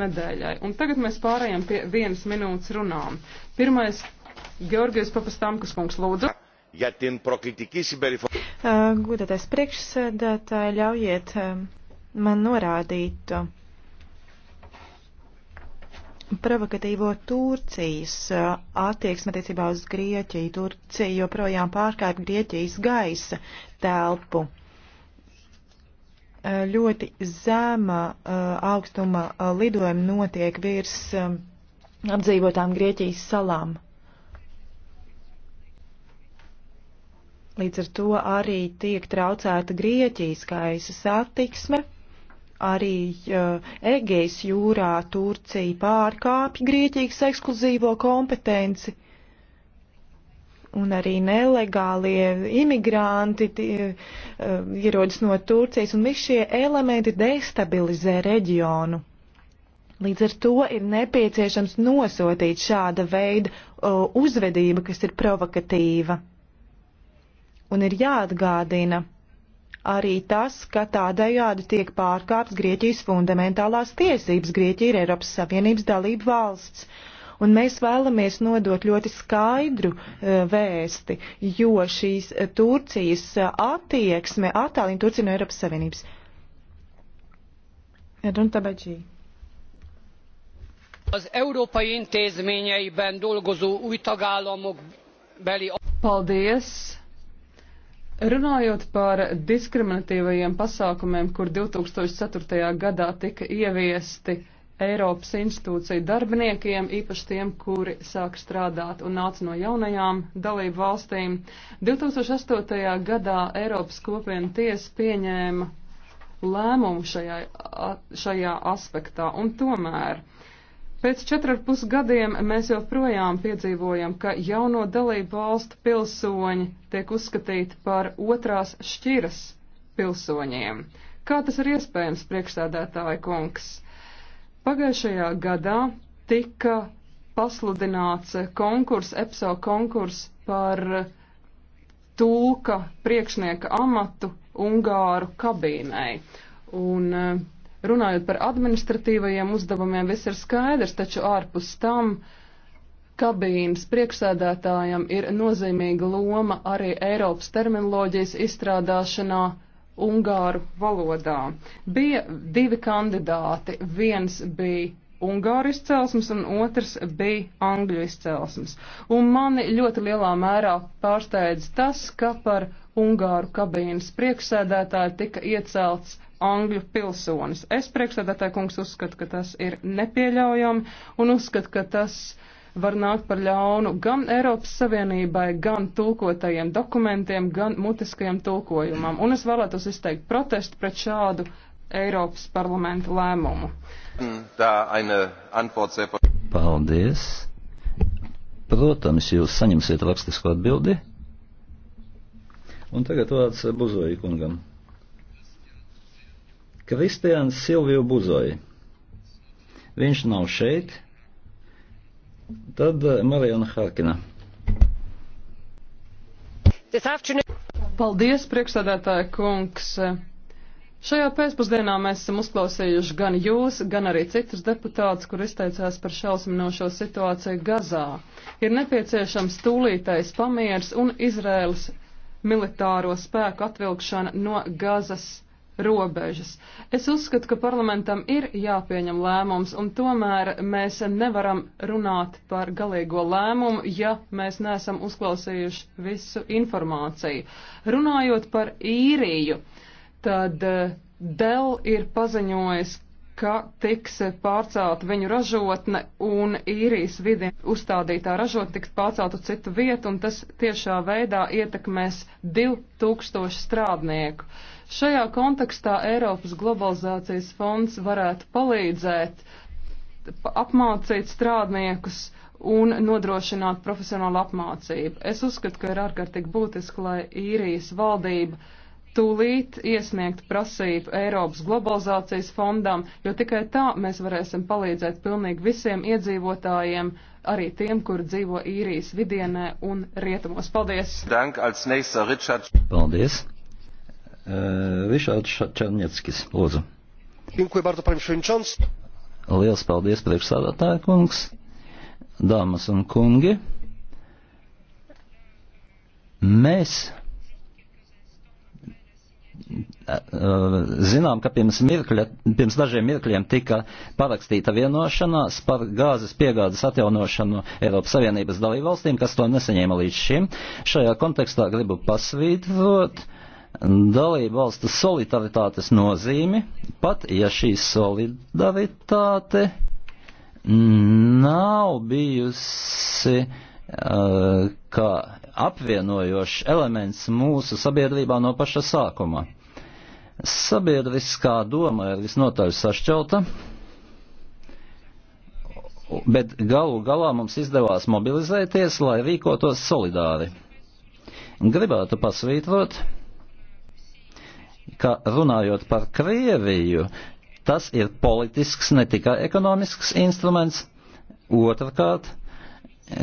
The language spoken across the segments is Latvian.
nedēļai. Un tagad mēs pārējām pie vienas minūtes runām. Pirmais, Georgijas Papastamkas kungs, lūdzu. Ja tiem proklitiki siberifu. Uh, Gudētais priekšsēdētāji, ļaujiet uh, man norādīt uh, provokatīvo Turcijas attieksmi attiecībā uz Grieķiju. Turcija joprojām pārkāpj Grieķijas gaisa telpu ļoti zema augstuma lidojuma notiek virs apdzīvotām Grieķijas salām. Līdz ar to arī tiek traucēta Grieķijas gaisa satiksme, arī uh, Egejas jūrā Turcija pārkāpj Grieķijas ekskluzīvo kompetenci un arī nelegālie imigranti tie, uh, eh, ierodas no Turcijas, un visi šie elementi destabilizē reģionu. Līdz ar to ir nepieciešams nosotīt šāda veida uh, uzvedība, kas ir provokatīva. Un ir jāatgādina arī tas, ka tādējādi tiek pārkāpts Grieķijas fundamentālās tiesības. Grieķija ir Eiropas Savienības dalība valsts. Uh, Un mēs vēlamies nodot ļoti skaidru uh, vēsti, jo šīs e, Turcijas e, attieksme attālina Turciju no Eiropas Savienības. Runa Tabadžī az európai intézményeiben dolgozó új tagállamok beli. Paldies! Runājot par diskriminatīvajiem pasākumiem, kur 2004. gadā tika ieviesti Eiropas institūciju darbiniekiem, īpaši tiem, kuri sāk strādāt un nāca no jaunajām dalību valstīm. 2008. gadā Eiropas kopiena tiesa pieņēma lēmumu šajā, šajā aspektā, un tomēr pēc 4,5 gadiem mēs joprojām piedzīvojam, ka jauno dalību valstu pilsoņi tiek uzskatīti par otrās šķiras pilsoņiem. Kā tas ir iespējams, priekšsēdētāja kungs? Pagājušajā gadā tika pasludināts konkurs, EPSO konkurs par tūka priekšnieka amatu Ungāru kabīnei. Un eh, runājot par administratīvajiem uzdevumiem, viss ir skaidrs, taču ārpus tam kabīnas priekšsēdētājam ir nozīmīga loma arī Eiropas terminoloģijas izstrādāšanā ungāru valodā. Bija divi kandidāti. Viens bija ungāru izcelsmes un otrs bija angļu izcelsmes. Un mani ļoti lielā mērā pārsteidz tas, ka par ungāru kabīnes priekšsēdētāju tika iecelts angļu pilsonis. Es priekšsēdētāju kungs uzskatu, ka tas ir nepieļaujami un uzskatu, ka tas uh, var nākt par ļaunu gan Eiropas Savienībai, gan tulkotajiem dokumentiem, gan mutiskajam tulkojumam. Un es vēlētos izteikt protestu pret šādu Eiropas parlamenta lēmumu. Paldies. Protams, jūs saņemsiet rakstisko atbildi. Un tagad vārds Buzoja kungam. Kristians Silviju Buzoja. Viņš nav šeit. Tad eh, Marijana Harkina. Paldies, priekšsēdētāja kungs. Šajā pēcpusdienā mēs esam uzklausījuši gan jūs, gan arī citus deputātus, kur izteicās par šausminošo situāciju Gazā. Ir nepieciešams tūlītais pamiers un Izraels militāro spēku atvilkšana no Gazas robežas. Es uzskatu, ka parlamentam ir jāpieņem lēmums, un tomēr mēs nevaram runāt par galīgo lēmumu, ja mēs neesam uzklausījuši visu informāciju. Runājot par īriju, tad eh, Dell ir paziņojis, ka tiks pārcelt viņu ražotne un īrijas vidi uzstādītā ražotne tiks pārcelt uz citu vietu, un tas tiešā veidā ietekmēs 2000 strādnieku. Šajā kontekstā Eiropas globalizācijas fonds varētu palīdzēt apmācīt strādniekus un nodrošināt profesionālu apmācību. Es uzskatu, ka ir ārkārtīgi būtiski, lai īrijas valdība tūlīt iesniegt prasību Eiropas globalizācijas fondam, jo tikai tā mēs varēsim palīdzēt pilnīgi visiem iedzīvotājiem, arī tiem, kur dzīvo īrijas vidienē un rietumos. Paldies! Dank, Paldies! E, Rišards Černieckis, lūdzu. Liels paldies, priekšsādātāja kungs, dāmas un kungi. Mēs e, zinām, ka pirms, mirkļa, pirms dažiem mirkļiem tika parakstīta vienošanās par gāzes piegādes atjaunošanu Eiropas Savienības dalībvalstīm, kas to nesaņēma līdz šim. Šajā kontekstā gribu pasvītrot, uh, dalību valstu solidaritātes nozīmi, pat ja šī solidaritāte nav bijusi uh, kā apvienojošs elements mūsu sabiedrībā no paša sākuma. Sabiedriskā doma ir visnotaļ sašķelta, bet galu galā mums izdevās mobilizēties, lai rīkotos solidāri. Gribētu pasvītrot, ka runājot par Krieviju, tas ir politisks, ne tikai ekonomisks instruments. Otrakārt,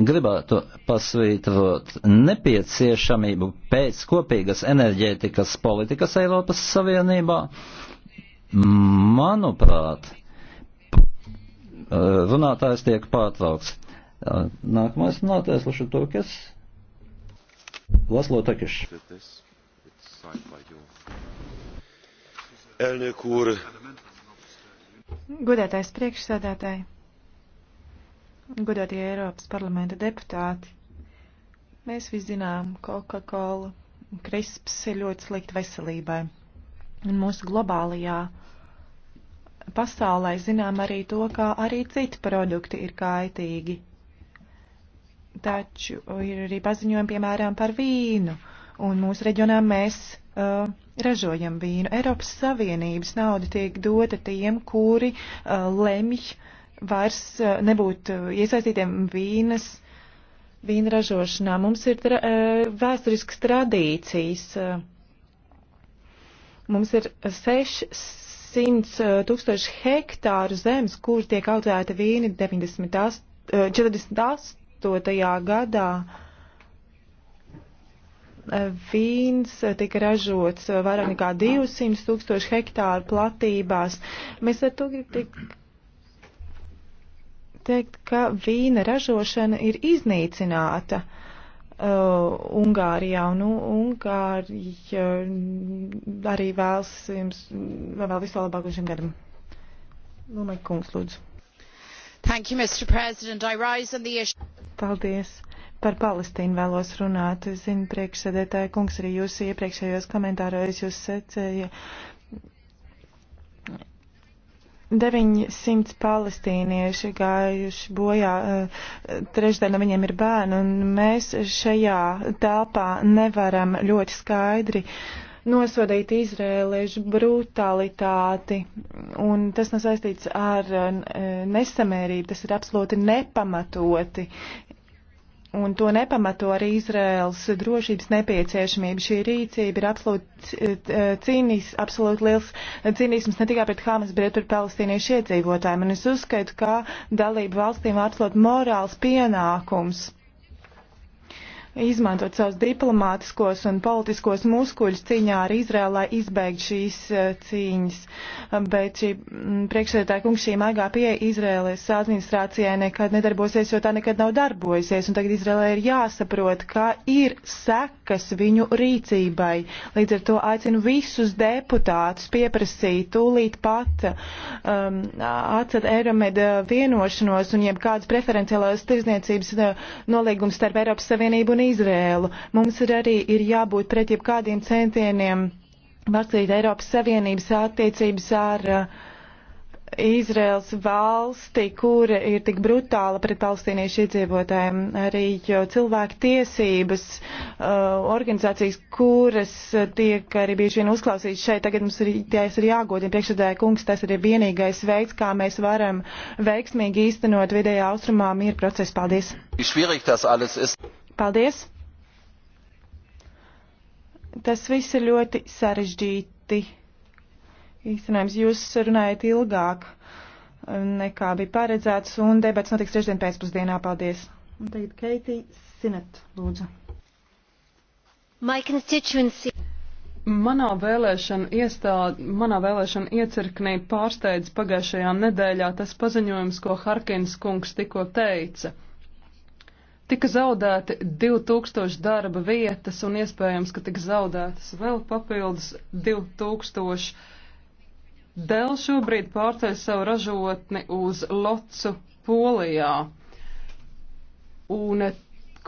gribētu pasvītrot nepieciešamību pēc kopīgas enerģētikas politikas Eiropas Savienībā. Manuprāt, runātājs tiek pārtraukts. Nākamais runātājs Luša Turkis. Laslo Takiš. It's signed by you elnök úr! Godātais priekšsēdētāji, godātie Eiropas parlamenta deputāti, mēs visi zinām, Coca-Cola krisps ir ļoti slikti veselībai. Un mūsu globālajā pasaulē zinām arī to, kā arī citi produkti ir kaitīgi. Taču ir arī paziņojumi, piemēram, par vīnu, un mūsu reģionā mēs uh, ražojam vīnu. Eiropas Savienības nauda tiek dota tiem, kuri uh, lemj vairs uh, nebūt uh, iesaistītiem vīnas. Vīna ražošanā mums ir tra, uh, vēsturiskas tradīcijas. Uh, mums ir 600 uh, tūkstoši hektāru zemes, kur tiek audzēta vīni 98, uh, 48. gadā. Uh, vīns tika ražots vairāk nekā 200 tūkstoši hektāru platībās. Mēs ar to gribam teikt, ka vīna ražošana ir iznīcināta. Uh, Ungārijā, un nu, Ungārija mm, arī vēlas jums vēl visu labāko šim gadam. Lomai kungs, lūdzu. Thank you, Mr. President. I rise on the issue. Paldies. Par Palestīnu vēlos runāt. Es zinu, priekšsēdētāja kungs, arī jūs iepriekšējos komentāros jūs secēja. 900 palestīnieši gājuši bojā, eh, trešdaļa no viņiem ir bērni, un mēs šajā telpā nevaram ļoti skaidri nosodīt izrēliešu brutalitāti, un tas nav saistīts ar eh, nesamērību, tas ir absolūti nepamatoti. Un to nepamato arī Izraels drošības nepieciešamība. Šī rīcība ir absolūti e, cīnīs, absolūti liels e, cīnīsms ne tikai pret Hamas, bet pret palestīniešu iedzīvotājiem. Un es uzskaitu, ka dalību valstīm absolūti morāls pienākums izmantot savus diplomātiskos un politiskos muskuļus cīņā ar Izraēlu, lai izbeigtu šīs eh, cīņas. Bet šī mm, priekšsēdētāja kungs šī maigā pieeja Izraēlas administrācijai nekad nedarbosies, jo tā nekad nav darbojusies. Un tagad Izraēlē ir jāsaprot, ka ir sekas viņu rīcībai. Līdz ar to aicinu visus deputātus pieprasīt tūlīt pat um, atcelt Eiromeda vienošanos un jebkādas preferenciālās tirzniecības uh, nolīgums starp Eiropas Savienību un un Izrēlu. Mums ir arī ir jābūt pret jebkādiem centieniem mācīt Eiropas Savienības attiecības ar uh, Izraels valsti, kur ir tik brutāla pret palestīniešu iedzīvotājiem, arī cilvēku tiesības uh, organizācijas, kuras tiek arī bieži vien uzklausītas šeit, tagad mums ir, ir jāgodina priekšsēdēja kungs, tas ir vienīgais veids, kā mēs varam veiksmīgi īstenot vidējā austrumā mieru procesu. Paldies! Paldies! Tas viss ir ļoti sarežģīti. Īstenojums jūs runājat ilgāk nekā bija paredzēts, un debats notiks trešdien pēcpusdienā. Paldies! Un tagad Keiti Sinet, lūdzu. My constituency. Manā vēlēšana iestāde, manā vēlēšana iecirknī pārsteidz pagājušajā nedēļā tas paziņojums, ko Harkins kungs tikko teica. Tika zaudēti 2000 darba vietas un iespējams, ka tika zaudētas vēl papildus 2000. Dēl šobrīd pārceļ savu ražotni uz Locu Polijā. Un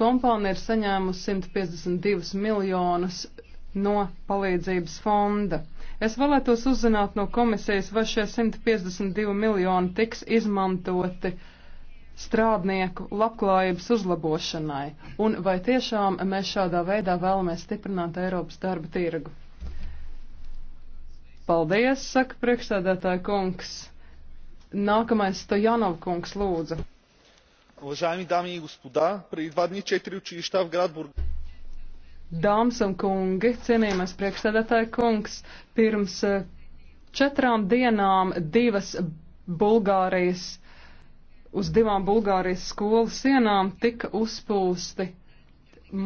kompānija ir saņēmusi 152 miljonus no palīdzības fonda. Es vēlētos uzzināt no komisijas, vai šie 152 miljoni tiks izmantoti uh, strādnieku labklājības uzlabošanai, un vai tiešām mēs šādā veidā vēlamies stiprināt Eiropas darba tirgu. Paldies, saka priekšsēdētāja kungs. Nākamais Stojanov kungs lūdzu. Уважаеми дами и господа, преди два дни четири училища в град Бург... Dāmas un kungi, cienījamais priekšsēdētāja kungs, pirms eh, četrām dienām divas Bulgārijas uz divām Bulgārijas skolas sienām tika uzpūsti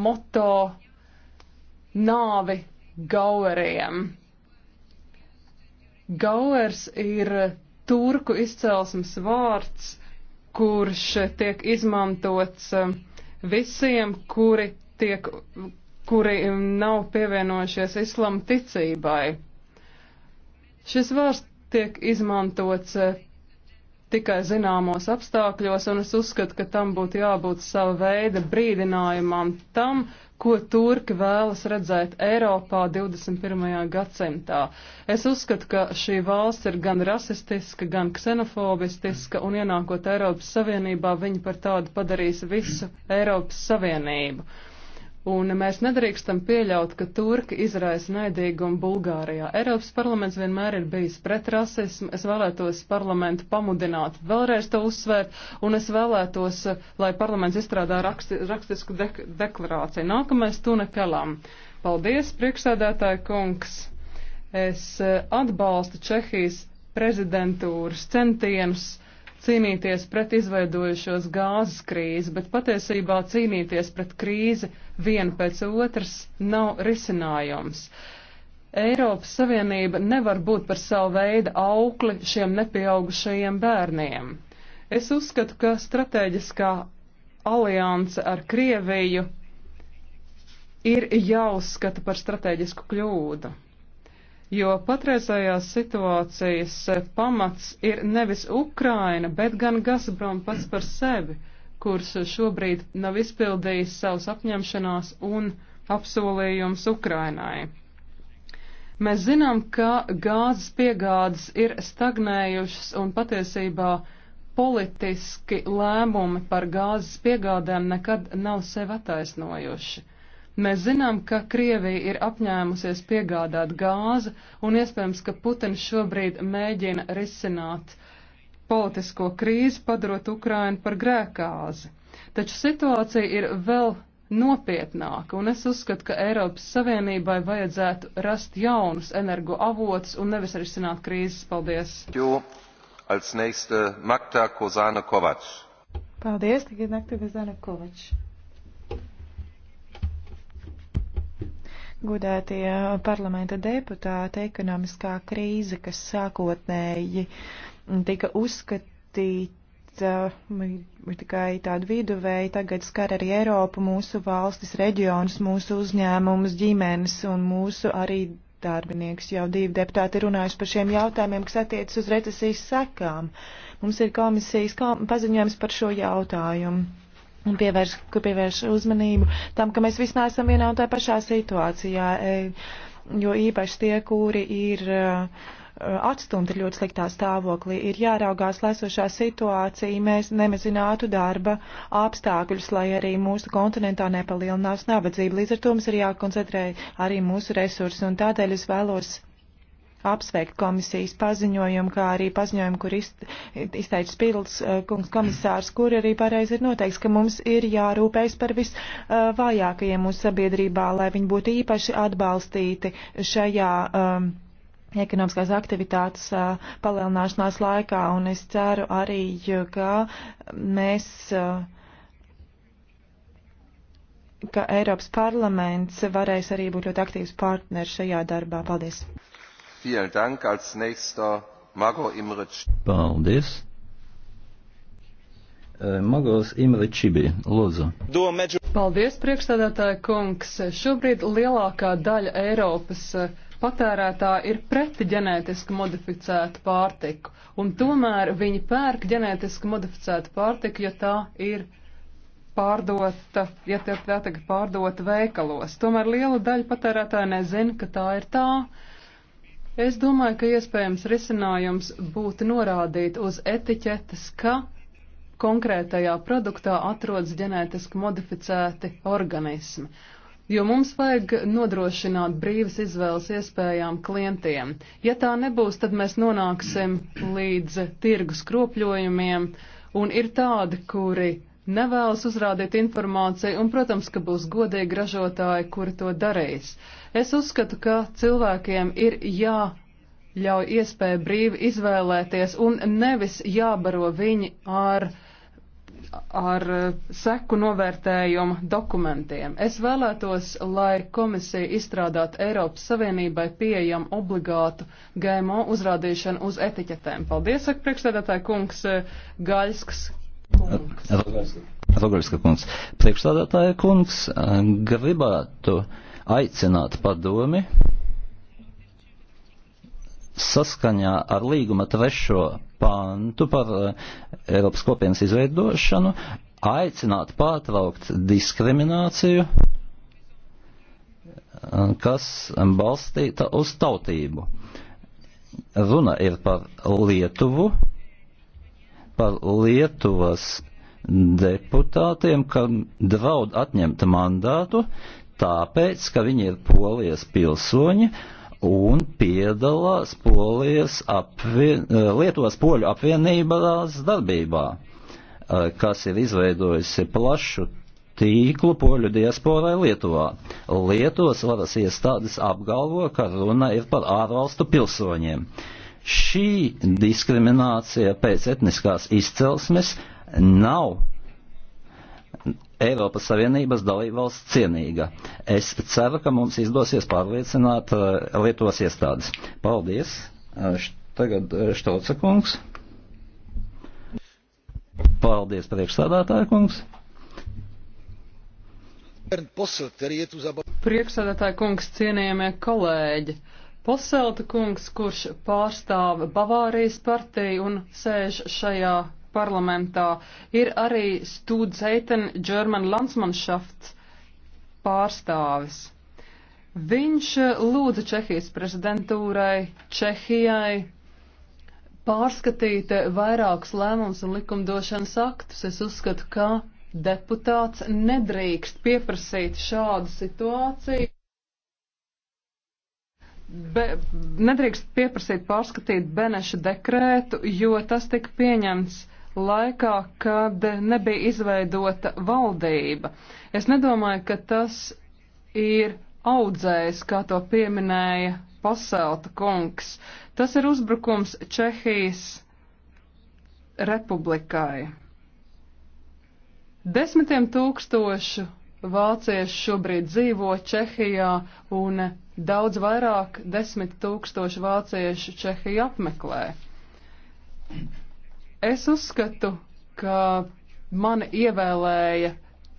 moto nāvi gaueriem. Gauers ir turku izcelsmes vārds, kurš tiek izmantots um, visiem, kuri, tiek, kuri um, nav pievienojušies islam ticībai. Šis vārds tiek izmantots uh, tikai zināmos apstākļos, un es uzskatu, ka tam būtu jābūt sava veida brīdinājumam tam, ko turki vēlas redzēt Eiropā 21. gadsimtā. Es uzskatu, ka šī valsts ir gan rasistiska, gan ksenofobistiska, un ienākot Eiropas Savienībā, viņi par tādu padarīs visu Eiropas Savienību. Un mēs nedrīkstam pieļaut, ka turki izraisa naidīgumu Bulgārijā. Eiropas parlaments vienmēr ir bijis pret rasismu. Es vēlētos parlamentu pamudināt, vēlreiz to uzsvērt, un es vēlētos, eh, lai parlaments izstrādā raksti, rakstisku dek deklarāciju. Nākamais Tune Kelam. Paldies, priekšsēdētāja kungs. Es eh, atbalstu Čehijas prezidentūras centienus cīnīties pret izveidojušos gāzes krīzi, bet patiesībā cīnīties pret krīzi vienu pēc otras nav risinājums. Eiropas Savienība nevar būt par savu veidu aukli šiem nepieaugušajiem bērniem. Es uzskatu, ka strateģiskā alianse ar Krieviju ir jāuzskata par strateģisku kļūdu jo patreizējās situācijas pamats ir nevis Ukraina, bet gan Gazprom pats par sevi, kurš šobrīd nav izpildījis savus apņemšanās un apsolījums Ukrainai. Mēs zinām, ka gāzes piegādes ir stagnējušas un patiesībā politiski lēmumi par gāzes piegādēm nekad nav sev attaisnojuši. Mēs zinām, ka Krievija ir apņēmusies piegādāt gāzi, un iespējams, ka Putins šobrīd mēģina risināt politisko krīzi, padarot Ukrainu par grēkāzi. Taču situācija ir vēl nopietnāka, un es uzskatu, ka Eiropas Savienībai vajadzētu rast jaunus energo avotus un nevis risināt krīzes. Paldies! Jo, als nächste Magda Kozana Kovacs. Paldies, tagad Magda Kozana Kovacs. Godētie parlamenta deputāti, ekonomiskā krīze, kas sākotnēji tika uzskatīta tikai tādu viduvēju, tagad skar arī Eiropu, mūsu valstis, reģionus, mūsu uzņēmumus, ģimenes un mūsu arī darbinieks. Jau divi deputāti runājuši par šiem jautājumiem, kas attiecas uz recesijas sekām. Mums ir komisijas paziņojums par šo jautājumu un pievērš, kur pievērš uzmanību tam, ka mēs visi neesam vienā un tā pašā situācijā, e, jo īpaši tie, kuri ir e, atstumti ļoti sliktā stāvoklī, ir jāraugās lēsošā situācija, mēs nemazinātu darba apstākļus, lai arī mūsu kontinentā nepalielinās nabadzība. Līdz ar to mums ir jākoncentrē arī mūsu resursi, un tādēļ es vēlos apsveikt komisijas paziņojumu, kā arī paziņojumu, kur izteica Spīdls eh, kungs komisārs, kur arī pareizi ir noteikts, ka mums ir jārūpējas par visvājākajiem mūsu sabiedrībā, lai viņi būtu īpaši atbalstīti šajā. Um, ekonomiskās aktivitātes uh, palielināšanās laikā, un es ceru arī, ka mēs, uh, ka Eiropas parlaments varēs arī būt ļoti aktīvs partners šajā darbā. Paldies! Vielen Dank. Als nächster Mago Imre Čibi. Paldies. Eh, Magos Imre Čibi, lūdzu. Paldies, priekšstādātāja kungs. Šobrīd lielākā daļa Eiropas eh, patērētāji ir pret ģenētiski modificētu pārtiku, un tomēr viņi pērk ģenētiski modificētu pārtiku, ja tā ir pārdota, ja tā, tā tagad pārdota veikalos. Tomēr liela daļa patērētāji nezina, ka tā ir tā. Es domāju, ka iespējams risinājums būtu norādīt uz etiķetes, ka konkrētajā produktā atrodas ģenētiski modificēti organismi. Jo mums vajag nodrošināt brīvas izvēles iespējām klientiem. Ja tā nebūs, tad mēs nonāksim līdz tirgus kropļojumiem, un ir tādi, kuri nevēlas uzrādīt informāciju, un, protams, ka būs godīgi ražotāji, kuri to darīs. Es uzskatu, ka cilvēkiem ir jāļauj iespēja brīvi izvēlēties, un nevis jābaro viņi ar ar seku novērtējumu dokumentiem. Es vēlētos, lai komisija izstrādātu Eiropas Savienībai pieejamu obligātu GMO uzrādīšanu uz etiķetēm. Paldies, saka priekšstādātāja kungs eh, Gaļsks Rogalska kungs. Priekšstādātāja kungs gribētu aicināt padomi saskaņā ar līguma trešo pantu par eh, Eiropas kopienas izveidošanu aicināt pārtraukt diskrimināciju, eh, kas balstīta uz tautību. Runa ir par Lietuvu, par Lietuvas deputātiem, kam draud atņemt mandātu, tāpēc, ka viņi ir polijas pilsoņi un piedalās polijas apvien, Lietuvas poļu apvienībās darbībā, kas ir izveidojusi plašu tīklu poļu diasporai Lietuvā. Lietuvas varas iestādes apgalvo, ka runa ir par ārvalstu pilsoņiem. Uh, Šī diskriminācija pēc etniskās izcelsmes nav Eiropas Savienības dalībvalsts cienīga. Es ceru, ka mums izdosies pārliecināt uh, Lietuvas iestādes. Paldies! Uh, tagad uh, Štauca kungs. Paldies, priekšsādātāja kungs. Priekšsādātāja kungs, cienījamie kolēģi! Poselta kungs, kurš pārstāv Bavārijas partiju un sēž šajā parlamentā, ir arī Stūdzeiten German Landsmannschafts pārstāvis. Viņš lūdza Čehijas prezidentūrai, Čehijai pārskatīt vairākus lēmumus un likumdošanas aktus. Es uzskatu, ka deputāts nedrīkst pieprasīt šādu situāciju be, nedrīkst pieprasīt pārskatīt Beneša dekrētu, jo tas tika pieņemts laikā, kad nebija izveidota valdība. Es nedomāju, ka tas ir audzējs, kā to pieminēja Paselta kungs. Tas ir uzbrukums Čehijas republikai. Desmitiem tūkstošu vācieši šobrīd dzīvo Čehijā un Daudz vairāk desmit tūkstoši vācieši Čehiju apmeklē. Es uzskatu, ka mani ievēlēja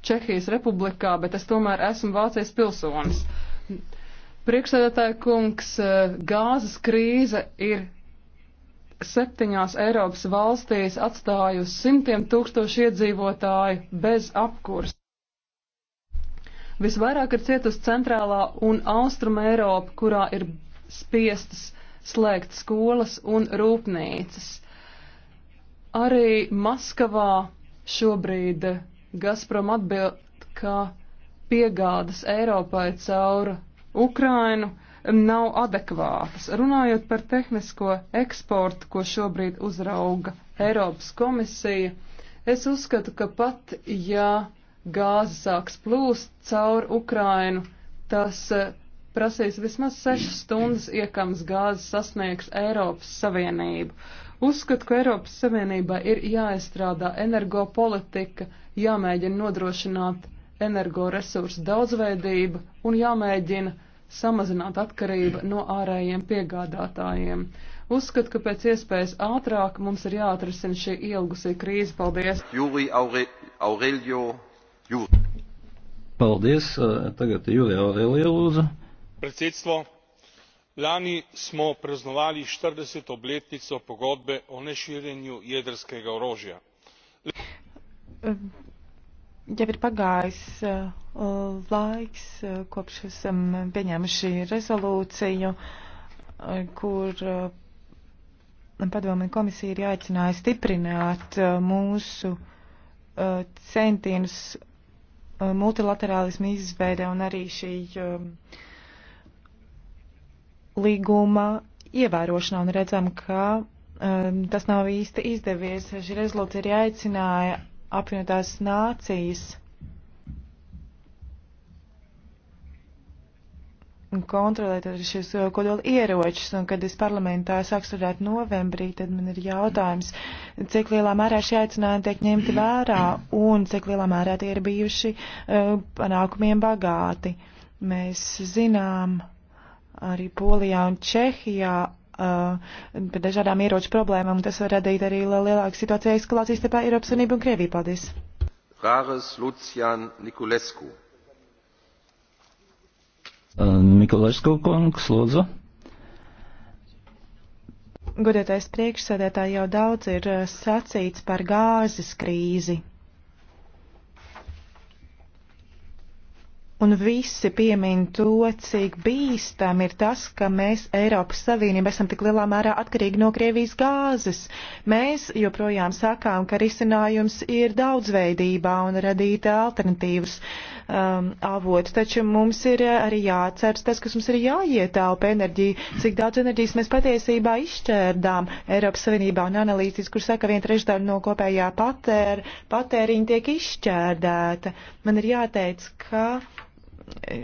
Čehijas republikā, bet es tomēr esmu Vācijas pilsonis. Priekšsēdētāja kungs, eh, gāzes krīze ir septiņās Eiropas valstīs atstājusi simtiem tūkstošu iedzīvotāju bez apkurs. Visvairāk ir cietusi centrālā un austruma Eiropa, kurā ir spiestas slēgt skolas un rūpnīcas. Arī Maskavā šobrīd Gazprom atbild, ka piegādas Eiropai caur Ukrainu nav adekvātas. Runājot par tehnisko eksportu, ko šobrīd uzrauga Eiropas komisija, es uzskatu, ka pat ja gāze sāks plūst caur Ukrainu, tas eh, prasīs vismaz 6 stundas iekams gāze sasniegs Eiropas Savienību. Uzskatu, ka Eiropas Savienībai ir jāizstrādā energopolitika, jāmēģina nodrošināt energoresursu daudzveidība un jāmēģina samazināt atkarību no ārējiem piegādātājiem. Uzskatu, ka pēc iespējas ātrāk mums ir jāatrisina šī ilgusī krīze. Paldies! Jūri Aure, Aurelio Jū. Paldies. Tagad Julija Aurelija lūdzu. Predsedstvo, lani smo praznovali štirideset obletnico pogodbe o neširjenju jedrskega orožja. Jau ir pagājis laiks, kopš esam pieņēmuši rezolūciju, kur padomju komisija ir jāicināja stiprināt mūsu centienus Uh, multilaterālismu izveide un arī šī um, līguma ievērošanā un redzam, ka um, tas nav īsti izdevies. Šī rezolūcija arī aicināja apvienotās nācijas kontrolēt arī šis uh, kodola ieročus, un kad es parlamentā sāku strādāt novembrī, tad man ir jautājums, cik lielā mērā šie aicinājumi tiek ņemti vērā, un cik lielā mērā tie ir bijuši uh, panākumiem bagāti. Mēs zinām arī Polijā un Čehijā uh, par dažādām ieroču problēmām, un tas var radīt arī lielāku situāciju eskalācijas starp Eiropas Unību un Krieviju. Paldies! Rāres Lucian Nikolesku. Uh, Mikulēsku kungs, lūdzu. Godētais priekšsēdētāji jau daudz ir uh, sacīts par gāzes krīzi. Un visi piemin to, cik bīstam ir tas, ka mēs Eiropas Savienība esam tik lielā mērā atkarīgi no Krievijas gāzes. Mēs joprojām sakām, ka risinājums ir daudzveidībā un radīt alternatīvas. Uh, um, avotu, taču mums ir uh, arī jāatceras tas, kas mums ir jāietāupa enerģija, cik daudz enerģijas mēs patiesībā izšķērdām Eiropas Savienībā un analīzes, kur saka, viena trešdaļa no kopējā patēr, patēriņa tiek izšķērdēta. Man ir jāteic, ka. E,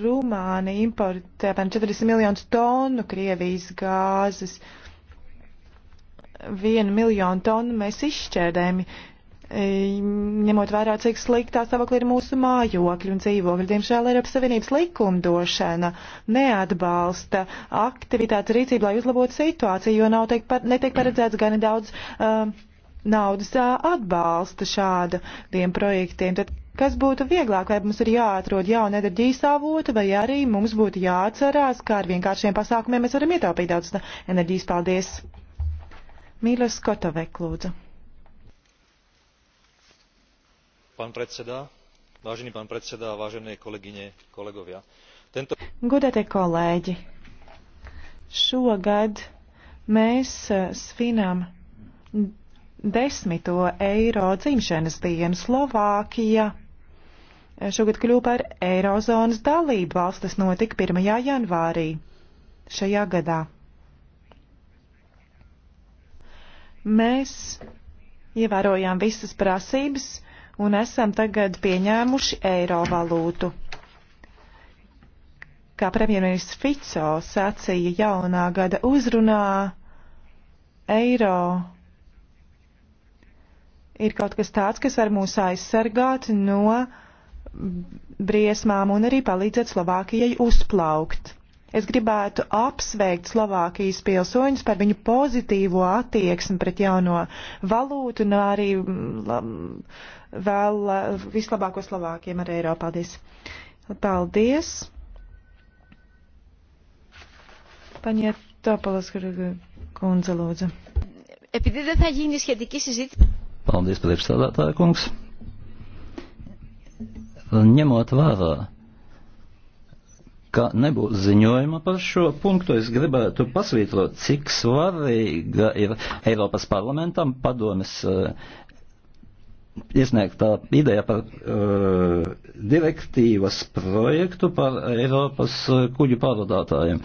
Rumāni importē apmēram 40 miljonus tonu Krievijas gāzes. Vienu miljonu tonu mēs izšķērdējam ņemot vērā, cik sliktā stāvoklī ir mūsu mājokļi un dzīvokļi. Diemžēl Eiropas Savienības likumdošana neatbalsta aktivitātes rīcību, lai uzlabotu situāciju, jo nav teik, netiek paredzēts gan daudz uh, naudas uh, atbalsta šādiem projektiem. Tad kas būtu vieglāk, vai mums ir jāatrod jauna enerģijas avota, vai arī mums būtu jāatcerās, kā ar vienkāršiem pasākumiem mēs varam ietaupīt daudz enerģijas. Paldies! Mīļos Skotovek, lūdzu! vážený pán predseda vážené kolegyne kolegovia tento. godātie kolēģi šogad mēs svinam desmito eiro dzimšanas dienu slovākija šogad kļūpa par eirozonas dalību valsts tas notika 1. janvārī šajā gadā mēs ievērojām visas prasības un esam tagad pieņēmuši eiro valūtu. Kā premjerministrs Fico sacīja jaunā gada uzrunā, eiro ir kaut kas tāds, kas var mūs aizsargāt no briesmām un arī palīdzēt Slovākijai uzplaukt. Es gribētu apsveikt Slovākijas pilsoņus par viņu pozitīvo attieksmi pret jauno valūtu un arī mm, vēl eh, vislabāko Slovākiem ar Eiropā. Paldies! Paldies! Paņiet Topalas eh, kundze, lūdzu. Επειδή δεν θα γίνει σχετική συζήτηση. Paldies, priekšstādātāja kungs. Ņemot vērā, ka nebūs ziņojuma par šo punktu, es gribētu pasvītrot, cik svarīga ir Eiropas parlamentam padomis uh, eh, izniegtā ideja par uh, direktīvas projektu par Eiropas eh, kuģu pārvadātājiem.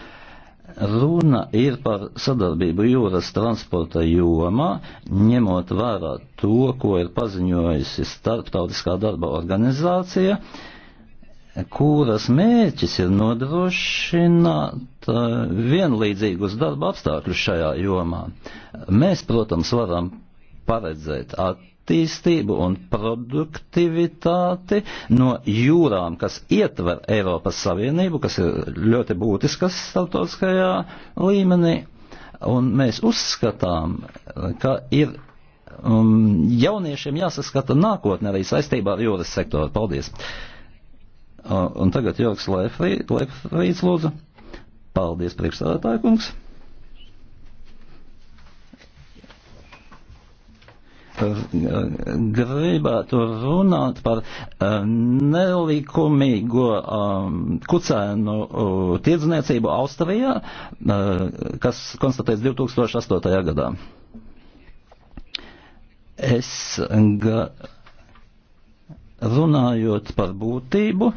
Runa ir par sadarbību jūras transporta jomā, ņemot vērā to, ko ir paziņojusi Startautiskā darba organizācija, kuras mērķis ir nodrošināt uh, vienlīdzīgus darba apstākļus šajā jomā. Mēs, protams, varam paredzēt at attīstību un produktivitāti no jūrām, kas ietver Eiropas Savienību, kas ir ļoti būtiskas starptautiskajā līmenī. Un mēs uzskatām, ka ir um, jauniešiem jāsaskata nākotne arī saistībā ar jūras sektoru. Paldies! Uh, un tagad Jorgs Leifrīds lūdzu. Paldies, priekšstādātāja kungs! Eh, gribētu runāt par eh, nelikumīgo eh, kucēnu tirdzniecību Austrijā, kas konstatēts 2008. gadā. Es runājot par būtību,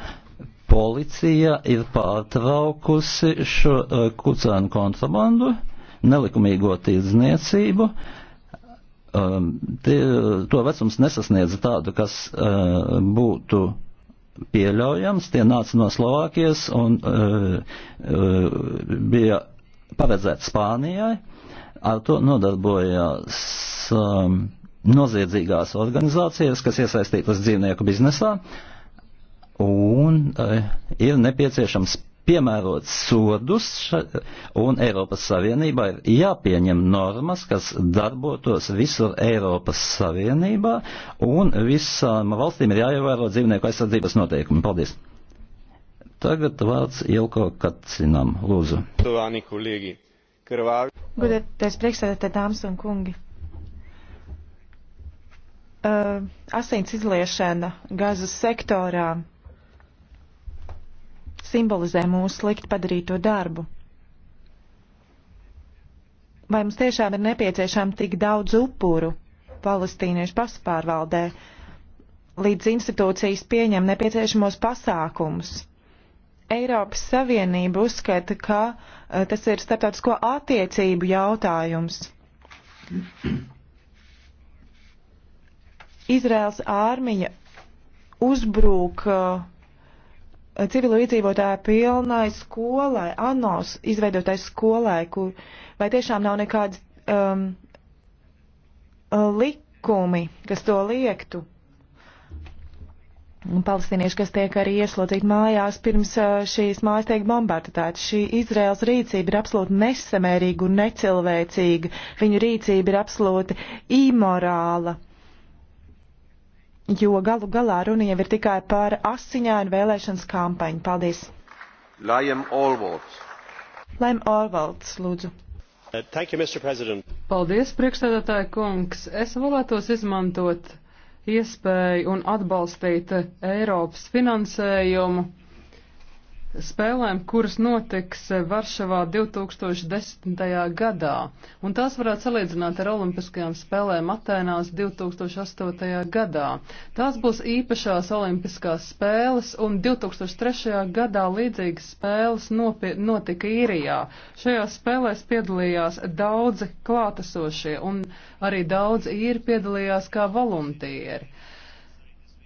policija ir pārtraukusi šo kucēnu kontrabandu, nelikumīgo tirdzniecību, uh, um, tie, to vecums nesasniedza tādu, kas uh, būtu pieļaujams. Tie nāca no Slovākijas un uh, uh, bija paredzēti Spānijai. Ar to nodarbojās um, noziedzīgās organizācijas, kas iesaistītas dzīvnieku biznesā. Un uh, ir nepieciešams piemērot sodus, un Eiropas Savienībā ir jāpieņem normas, kas darbotos visur Eiropas Savienībā, un visām valstīm ir jāievēro dzīvnieku aizsardzības noteikumi. Paldies! Tagad vārds Ilko Kacinam, lūdzu. Godētais priekšsēdētāji, dāmas un kungi. Uh, asins izliešana gazas sektorā simbolizē mūsu slikti padarīto darbu. Vai mums tiešām ir nepieciešām tik daudz upuru palestīniešu paspārvaldē, līdz institūcijas pieņem nepieciešamos pasākumus? Eiropas Savienība uzskata, ka eh, tas ir starptautisko attiecību jautājums. Izraels ārmija uzbrūk uh, civilo iedzīvotāju pilnai skolai, ANOS izveidotai skolai, kur vai tiešām nav nekāds um, likumi, kas to liektu. Un palestīnieši, kas tiek arī ieslodzīti mājās, pirms uh, šīs mājas tiek bombardētas. Šī Izraels rīcība ir absolūti nesamērīga un necilvēcīga. Viņu rīcība ir absolūti imorāla jo galu galā runa jau ir tikai par asiņainu vēlēšanas kampaņu. Paldies! Lajam Olvalds. Lajam Olvalds, lūdzu. Uh, thank you, Mr. President. Paldies, priekšsēdētāja kungs. Es vēlētos izmantot iespēju un atbalstīt Eiropas finansējumu spēlēm, kuras notiks eh, Varšavā 2010. gadā, un tās varētu salīdzināt ar Olimpiskajām spēlēm Atēnās 2008. gadā. Tās būs īpašās Olimpiskās spēles, un 2003. gadā līdzīgas spēles notika īrijā. Šajās spēlēs piedalījās daudzi klātesošie, un arī daudzi īri piedalījās kā voluntieri.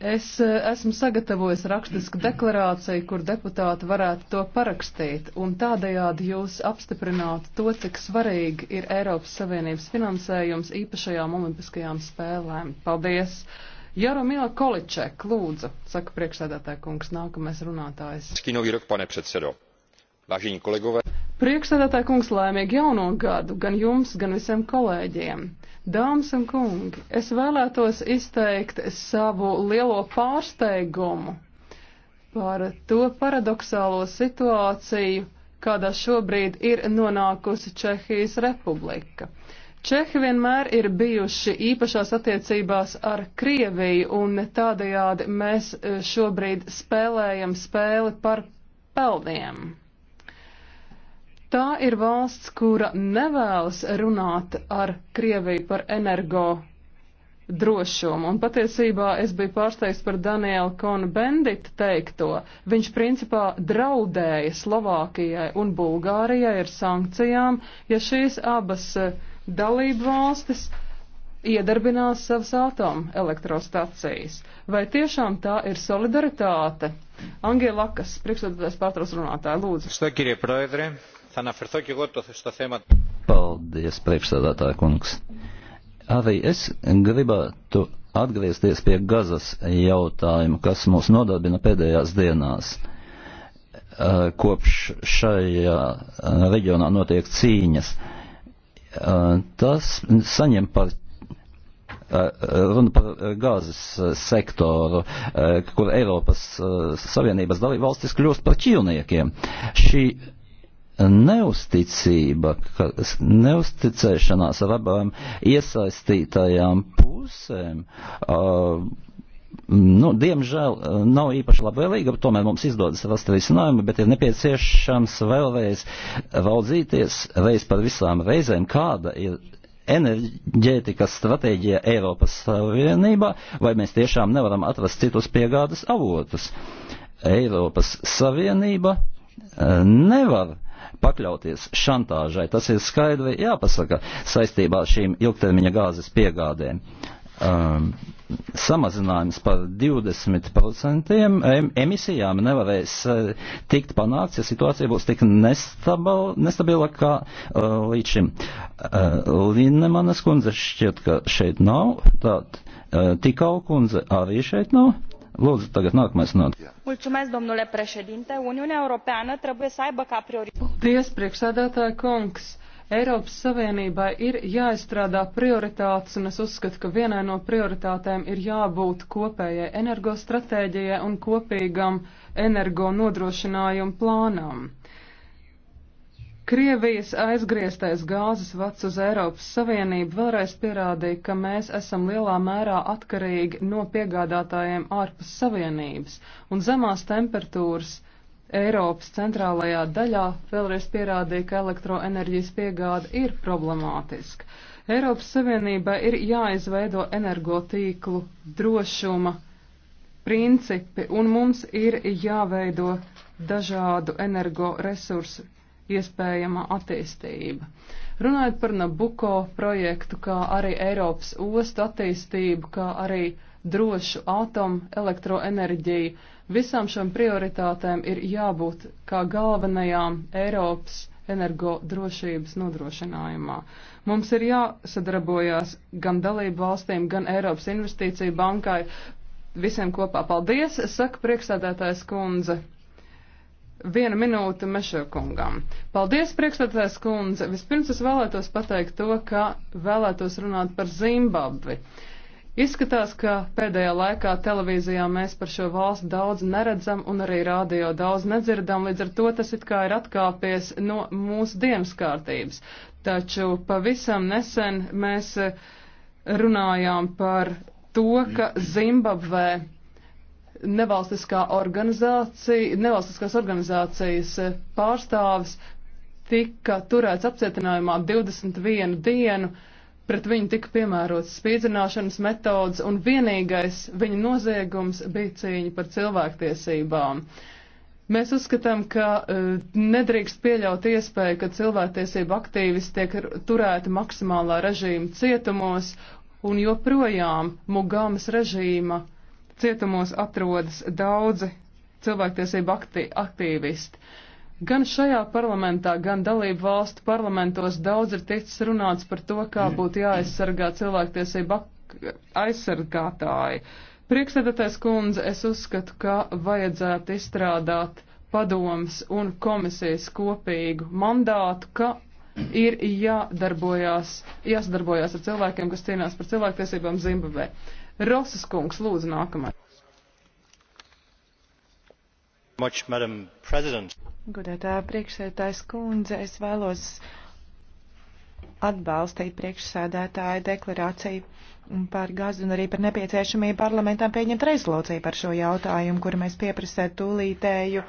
Es eh, esmu sagatavojis rakstisku deklarāciju, kur deputāti varētu to parakstīt, un tādējādi jūs apstiprinātu to, cik svarīgi ir Eiropas Savienības finansējums īpašajām olimpiskajām spēlēm. Paldies! Jaromila Količek, lūdzu, saka priekšsēdētāja kungs, nākamais runātājs. Skinovi rok, pane predsedo. Vážení kolegové. Priekšsēdētāji kungs, laimīgi jauno gadu gan jums, gan visiem kolēģiem. Dāmas un kungi, es vēlētos izteikt savu lielo pārsteigumu par to paradoxālo situāciju, kādā šobrīd ir nonākusi Čehijas republika. Čehi vienmēr ir bijuši īpašās attiecībās ar Krieviju, un tādējādi mēs šobrīd spēlējam spēli par peldiem. Tā ir valsts, kura nevēlas runāt ar Krieviju par energo drošumu. Un patiesībā es biju pārsteigts par Danielu Konu Bendita teikto. Viņš principā draudēja Slovākijai un Bulgārijai ar sankcijām, ja šīs abas eh, dalību valstis iedarbinās savas atomelektrostacijas. Vai tiešām tā ir solidaritāte? Angela Lakas, priekšsēdētājs pārtraus runātāja, lūdzu. Šta, kirie, Θα αναφερθώ και εγώ στο θέμα. Paldies, priekšsēdētāja kungs. Arī es gribētu atgriezties pie gazas jautājuma, kas mūs nodarbina pēdējās dienās. Kopš šajā reģionā notiek cīņas, tas saņem par runa par gāzes sektoru, kur Eiropas Savienības dalībvalstis kļūst par ķīlniekiem. Šī neusticība, ka, neusticēšanās ar abām iesaistītajām pusēm. Uh, nu, diemžēl nav īpaši labvēlīga, tomēr mums izdodas rast risinājumu, bet ir nepieciešams vēlreiz raudzīties reiz par visām reizēm, kāda ir enerģētikas stratēģija Eiropas Savienībā, vai mēs tiešām nevaram atrast citus piegādes avotus. Eiropas Savienība nevar pakļauties šantāžai. Tas ir skaidri jāpasaka saistībā ar šīm ilgtermiņa gāzes piegādēm. Um, samazinājums par 20% emisijām nevarēs uh, tikt panākts, ja situācija būs tik nestabila, nestabila kā uh, līdz šim. Uh, eh, Linnemanas kundze šķiet, ka šeit nav, tātad uh, Tikau kundze arī šeit nav. Uh, Lūdzu, tagad nākamais nodaļa. Mulțumesc, domnule președinte. Uniunea Europeană trebuie să aibă ca prioritāti. Paldies, priekšsēdētāja kungs. Eiropas Savienībai ir jāizstrādā prioritātes, un es uzskatu, ka vienai no prioritātēm ir jābūt kopējai energostratēģijai un kopīgam energo nodrošinājumu plānam. Krievijas aizgrieztais gāzes vats uz Eiropas Savienību vēlreiz pierādīja, ka mēs esam lielā mērā atkarīgi no piegādātājiem ārpus Savienības, un zemās temperatūras Eiropas centrālajā daļā vēlreiz pierādīja, ka elektroenerģijas piegāde ir problemātiska. Eiropas Savienībai ir jāizveido energotīklu drošuma principi, un mums ir jāveido dažādu energoresursu iespējama attīstība. Runājot par Nabuko projektu, kā arī Eiropas ostu attīstību, kā arī drošu atomu elektroenerģiju, visām šām prioritātēm ir jābūt kā galvenajām Eiropas energo drošības nodrošinājumā. Mums ir jāsadarbojās gan dalību valstīm, gan Eiropas investīciju bankai. Visiem kopā paldies, saka priekšsēdētājs kundze. Viena minūte Mešokungam. Paldies, priekšstādātājs kundze. Vispirms es vēlētos pateikt to, ka vēlētos runāt par Zimbabvi. Izskatās, ka pēdējā laikā televīzijā mēs par šo valsti daudz neredzam un arī rādio daudz nedzirdam, līdz ar to tas it kā ir atkāpies no mūsu dienas kārtības. Taču pavisam nesen mēs eh, runājām par to, ka Zimbabvē nevalstiskā organizācija, nevalstiskās organizācijas pārstāvis tika turēts apcietinājumā 21 dienu, pret viņu tika piemērots spīdzināšanas metodas, un vienīgais viņa noziegums bija cīņa par cilvēktiesībām. Mēs uzskatām, ka uh, nedrīkst pieļaut iespēju, ka cilvēktiesība aktīvis tiek turēti maksimālā režīma cietumos, un joprojām Mugamas režīma uh, Cietumos atrodas daudzi cilvēktiesību akti aktīvisti. Gan šajā parlamentā, gan dalību valstu parlamentos daudz ir ticis runāts par to, kā mm. būtu jāaizsargā cilvēktiesību aizsargātāji. Priekšsēdētājs kundze, es uzskatu, ka vajadzētu izstrādāt padoms un komisijas kopīgu mandātu, ka ir jādarbojās, jāsadarbojās ar cilvēkiem, kas cīnās par cilvēktiesībām Zimbabvē. Rosas kungs, lūdzu nākamais. Godētā priekšsētājs kundze, es vēlos atbalstīt priekšsēdētāja deklarāciju par gazu un arī par nepieciešamību parlamentam pieņemt rezolūciju par šo jautājumu, kur mēs pieprasētu tūlītēju uh,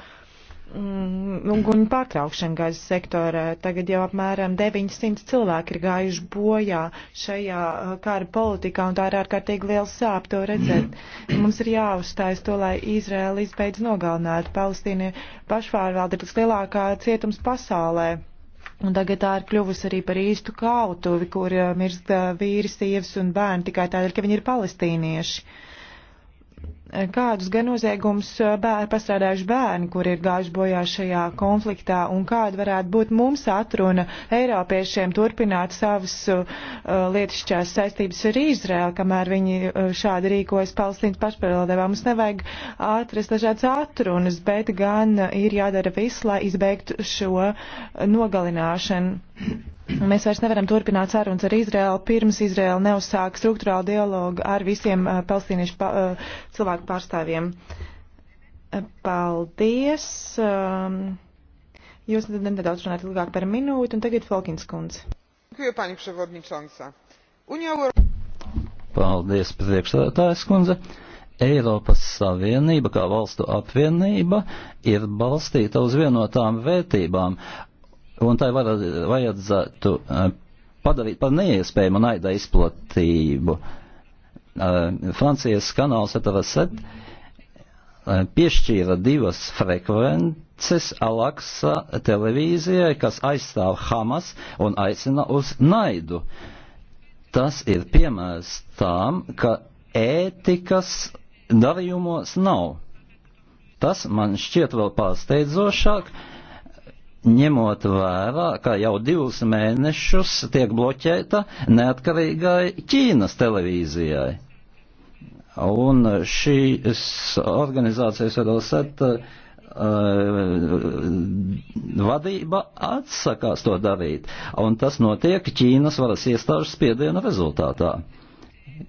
Mm, uguņu pārtraukšanu gazas sektorā. Tagad jau apmēram 900 cilvēki ir gājuši bojā šajā uh, kara politikā, un tā ir ārkārtīgi liela sāp to redzēt. Mums ir jāuzstājas to, lai Izraēla izbeidz nogalināt. Palestīna pašvārvalda ir tas lielākā cietums pasaulē. Un tagad tā ir kļuvusi arī par īstu kautuvi, kur uh, mirst uh, vīri, sievas un bērni tikai tādēļ, ka viņi ir palestīnieši. Uh, kādus gan noziegumus eh, bērni, pastrādājuši bērni, kur ir gājuši bojā šajā konfliktā, un kāda varētu būt mums atruna Eiropiešiem turpināt savas uh, lietišķās saistības ar Izraēlu, kamēr viņi uh, šādi rīkojas Palestīnas pašparaldevā. Mums nevajag atrast dažādas atrunas, bet gan ir jādara viss, lai izbeigtu šo nogalināšanu. Mēs vairs nevaram turpināt sarunas ar Izraēlu, pirms Izraēla neuzsāk struktūrālu dialogu ar visiem uh, palestīniešu pa, uh, cilvēku pārstāvjiem. Eh, paldies! Um, jūs nedaudz runājat ilgāk par minūti, un tagad Falkins kundze. Paldies, priekšsēdētājs kundze. Eiropas Savienība kā valstu apvienība ir balstīta uz vienotām vērtībām, un tai var, vajadzētu eh, padarīt par neiespējamu naida izplatību. Eh, Francijas kanāls Etavaset eh, piešķīra divas frekvences Alaksa televīzijai, kas aizstāv Hamas un aicina uz naidu. Tas ir piemērs tām, ka ētikas darījumos nav. Tas man šķiet vēl pārsteidzošāk, uh, ņemot vērā, ka jau divus mēnešus tiek bloķēta neatkarīgai Ķīnas televīzijai. Un šīs organizācijas Roset uh, eh, vadība atsakās to darīt, un tas notiek Ķīnas varas iestāžu spiediena rezultātā.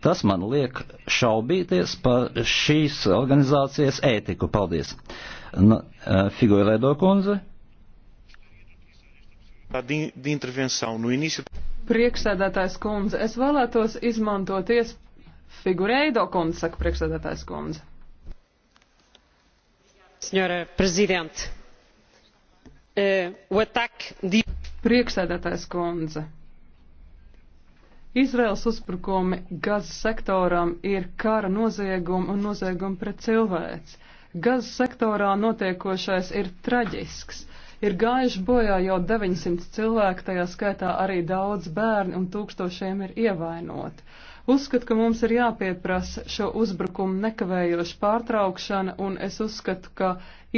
Tas man liek šaubīties par šīs organizācijas ētiku. Paldies. Nu, eh, Figūra Edo kundze. Priekšsēdētājs kundze, es vēlētos izmantot iespēju. Figureido kundze, saka priekšsēdētājs kundze. Senjora prezidente, eh, o ataque de. Priekšsēdētājs kundze. Izraels uzbrukumi gazas sektoram ir kara noziegumi un noziegumi pret cilvēci. Gazas sektorā notiekošais ir traģisks. Ir gājuši bojā jau 900 cilvēki, tajā skaitā arī daudz bērni, un tūkstošiem ir ievainoti. Uzskatu, ka mums ir jāpieprasa šo uzbrukumu nekavējoša pārtraukšana, un es uzskatu, ka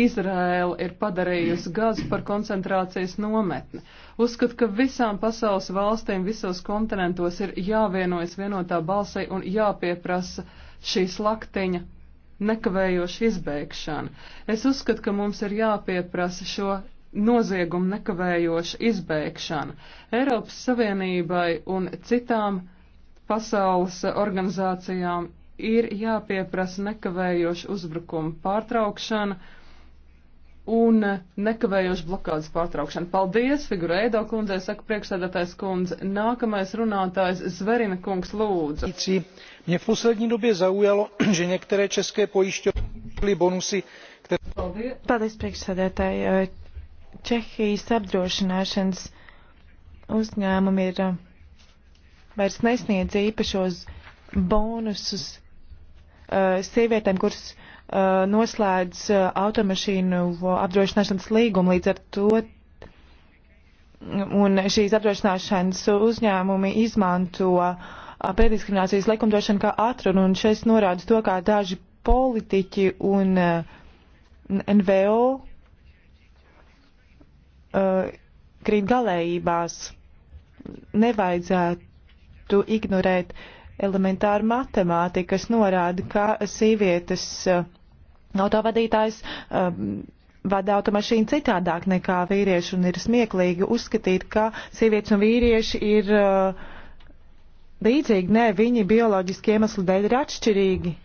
Izraēla ir padarījusi gazu par koncentrācijas nometni. Uzskatu, ka visām pasaules valstīm visos kontinentos ir jāvienojas vienotā balsai un jāpieprasa šī slaktiņa nekavējoša izbeigšana. Es uzskatu, ka mums ir jāpieprasa šo noziegumu nekavējoša izbēgšana. Eiropas Savienībai un citām pasaules organizācijām ir jāpieprasa nekavējoša uzbrukuma pārtraukšana un nekavējoša blokādes pārtraukšana. Paldies, figura Eido kundzei, saka priekšsēdētājs kundze. Nākamais runātājs Zverina kungs lūdzu. Mě v poslední době zaujalo, že některé české pojišťovny bonusy, které... Paldies, Paldies priekšsēdētāji. Čehijas apdrošināšanas uzņēmumi ir uh, vairs nesniedz īpašos bonusus uh, sievietēm, kuras uh, noslēdz uh, automašīnu apdrošināšanas līgumu līdz ar to. Mm, un šīs apdrošināšanas uzņēmumi izmanto uh, prediskriminācijas likumdošanu kā atrunu, un šeit norāda to, kā daži politiķi un uh, NVO uh, krīt galējībās. Nevajadzētu ignorēt elementāru matemātiku, kas norāda, ka sievietes uh, autovadītājs uh, vada automašīnu citādāk nekā vīrieši un ir smieklīgi uzskatīt, ka sievietes un vīrieši ir uh, līdzīgi. Nē, viņi bioloģiski iemeslu dēļ ir atšķirīgi.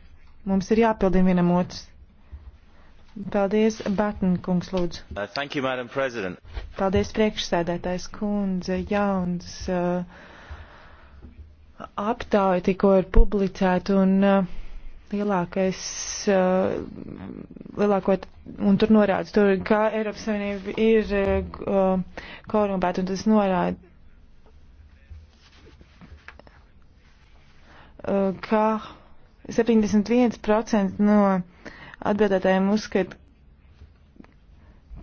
Mums ir jāpildina vienam otrs. Paldies, Batn kungs, lūdzu. Uh, thank you, Madam President. Paldies, priekšsēdētājs kundze, jauns uh, aptāja tikko ir publicēta un uh, lielākais, uh, lielāko, un tur norāda, tur, kā Eiropas Savienība ir uh, korumpēta, un tas norāda, uh, ka 71% no atbildētājiem uzskata,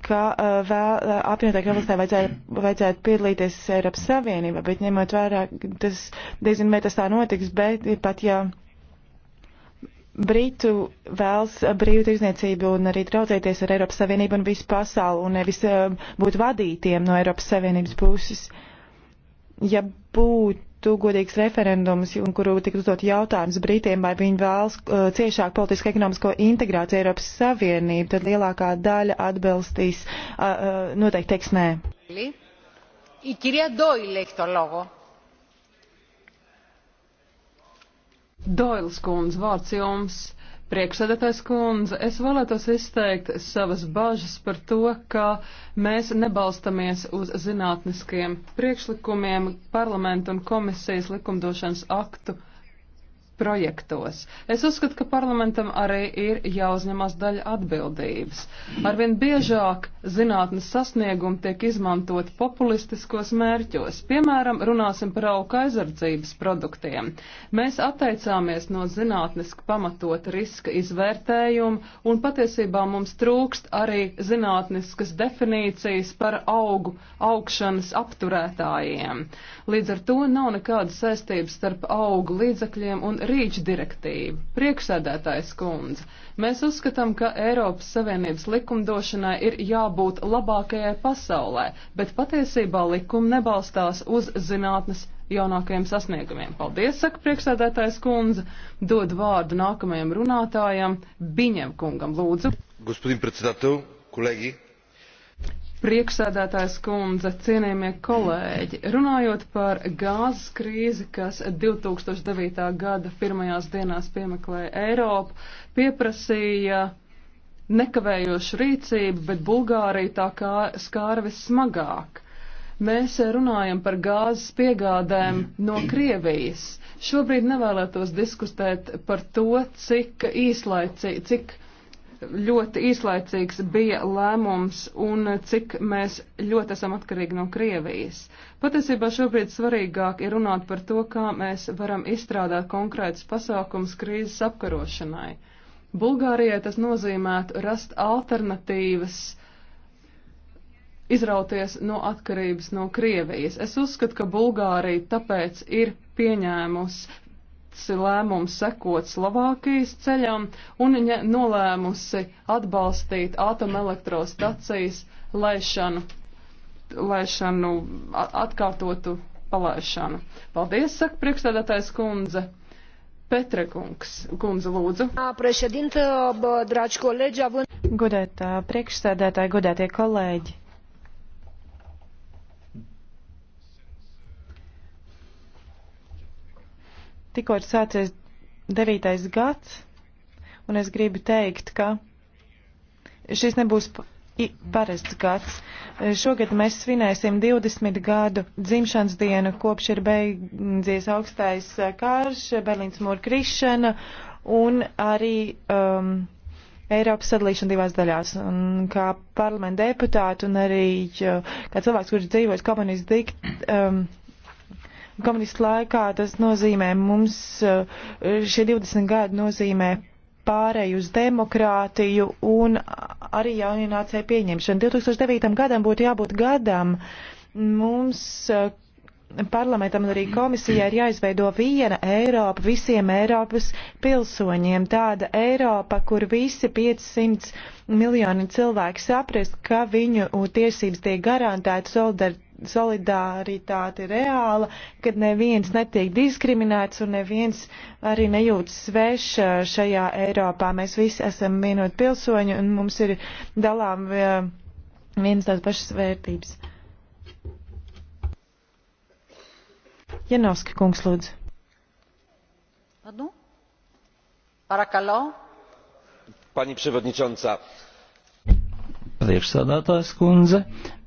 ka uh, vēl uh, apvienotā karalistē vajadzētu, vajadzētu piedalīties Eiropas Savienībā, bet ņemot vērā, tas diezgan vai tas tā notiks, bet pat ja Britu vēlas brīvu tirzniecību un arī traucēties ar Eiropas Savienību un visu pasauli un nevis uh, būt vadītiem no Eiropas Savienības puses. Ja būtu notiktu godīgs referendums, un kuru tika uzdot jautājums Britiem, vai viņi vēlas uh, ciešāk politisko ekonomisko integrāciju Eiropas Savienību, tad lielākā daļa atbilstīs uh, uh, noteikti teiks nē. Doils kundze, vārds jums. Priekšsēdētājs kundze, es vēlētos izteikt savas bažas par to, ka mēs nebalstamies uz zinātniskiem priekšlikumiem parlamentu un komisijas likumdošanas aktu projektos. Es uzskatu, ka parlamentam arī ir jāuzņemas daļa atbildības. Arvien biežāk zinātnes sasniegumi tiek izmantot populistiskos mērķos. Piemēram, runāsim par auka aizardzības produktiem. Mēs atteicāmies no zinātniski pamatot riska izvērtējumu un patiesībā mums trūkst arī zinātniskas definīcijas par augu augšanas apturētājiem. Līdz ar to nav nekādas saistības starp augu līdzekļiem un rīču direktīvu. Priekšsēdētājs kundze, mēs uzskatām, ka Eiropas Savienības likumdošanai ir jābūt labākajai pasaulē, bet patiesībā likumi nebalstās uz zinātnes jaunākajiem sasniegumiem. Paldies, saka priekšsēdētājs kundze, dod vārdu nākamajam runātājam, Biņem kungam, lūdzu. Gospodin predsedātu, kolēģi, Prieksēdētājs kundze, cienījamie kolēģi, runājot par gāzes krīzi, kas 2009. gada pirmajās dienās piemeklēja Eiropu, pieprasīja nekavējošu rīcību, bet Bulgārija tā kā skāra vissmagāk. Mēs runājam par gāzes piegādēm no Krievijas. Šobrīd nevēlētos diskutēt par to, cik īslaicīgi, cik ļoti īslaicīgs bija lēmums un cik mēs ļoti esam atkarīgi no Krievijas. Patiesībā šobrīd svarīgāk ir runāt par to, kā mēs varam izstrādāt konkrētus pasākums krīzes apkarošanai. Bulgārijai tas nozīmētu rast alternatīvas izrauties no atkarības no Krievijas. Es uzskatu, ka Bulgārija tāpēc ir pieņēmusi valsts lēmums sekot Slovākijas ceļam un viņa nolēmusi atbalstīt atomelektrostacijas laišanu, laišanu atkārtotu palaišanu. Paldies, saka priekšstādātais kundze. Petre kungs, kundze lūdzu. Godētā priekšstādētāji, godētie kolēģi. Tikko ir sācies devītais gads, un es gribu teikt, ka šis nebūs parasts gads. Šogad mēs svinēsim 20 gadu dzimšanas dienu, kopš ir beidzies augstais eh, karš, Berlīns mūra krišana un arī um, Eiropas sadalīšana divās daļās. Un kā parlamenta deputāti un arī eh, kā cilvēks, kurš dzīvojas komunistu dikt. Um, komunistu laikā tas nozīmē mums, eh, šie 20 gadi nozīmē pārēju uz demokrātiju un arī jaunienācēju pieņemšanu. 2009. gadam būtu jābūt gadam mums eh, parlamentam un arī komisijai ir jāizveido viena Eiropa visiem Eiropas pilsoņiem. Tāda Eiropa, kur visi 500 miljoni cilvēki saprast, ka viņu tiesības tiek garantēta solidaritāte solidaritāte reāla, kad neviens netiek diskriminēts un neviens arī nejūtas sveš uh, šajā Eiropā. Mēs visi esam vienot pilsoņi un mums ir dalām uh, vienas tās pašas vērtības. Janovska kungs lūdzu. Pardon? Parakalo? Pani przewodnicząca. Priekšsādātājs kundze,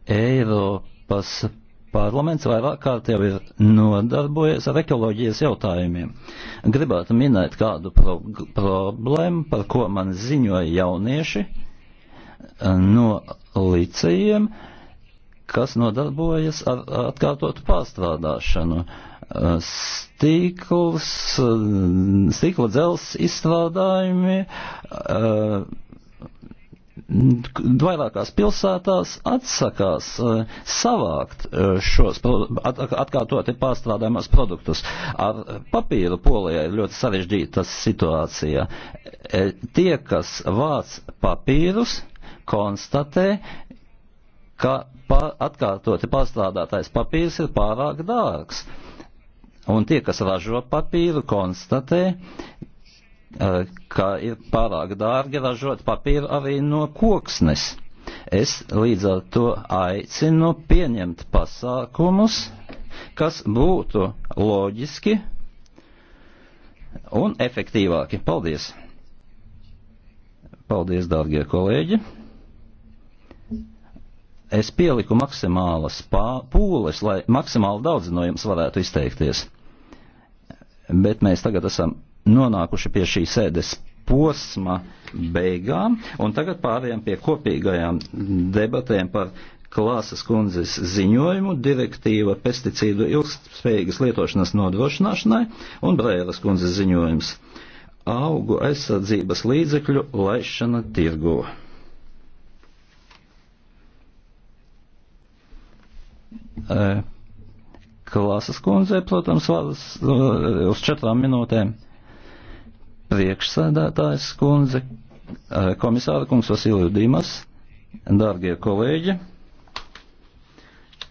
Eiropa Eiropas parlaments vairāk kārt jau ir nodarbojies ar ekoloģijas jautājumiem. Gribētu minēt kādu pro problēmu, par ko man ziņoja jaunieši eh, no licējiem, kas nodarbojas ar atkārtotu pārstrādāšanu. Eh, stīkls, eh, stīkla dzels izstrādājumi vairākās pilsētās atsakās uh, savākt uh, šos at, atkārtoti pārstrādājumos produktus. Ar papīru polijā ir ļoti sarežģīta situācija. E, tie, kas vāc papīrus, konstatē, ka pār, atkārtoti pārstrādātais papīrs ir pārāk dārgs. Un tie, kas ražo papīru, konstatē, Eh, ka ir pārāk dārgi ražot papīru arī no koksnes. Es līdz ar to aicinu pieņemt pasākumus, kas būtu loģiski un efektīvāki. Paldies! Paldies, dārgie kolēģi! Es pieliku maksimālas pūles, lai maksimāli daudz no jums varētu izteikties. Bet mēs tagad esam nonākuši pie šī sēdes posma beigām, un tagad pārējām pie kopīgajām debatēm par klāsas kundzes ziņojumu, direktīva pesticīdu ilgspējīgas lietošanas nodrošināšanai un brēlas kundzes ziņojums augu aizsardzības līdzekļu laišana tirgu. Klāsas kundzei, protams, vārds uz četrām minūtēm priekšsēdētājs kundze, eh, komisāra kungs Vasilju Dīmas, dārgie kolēģi.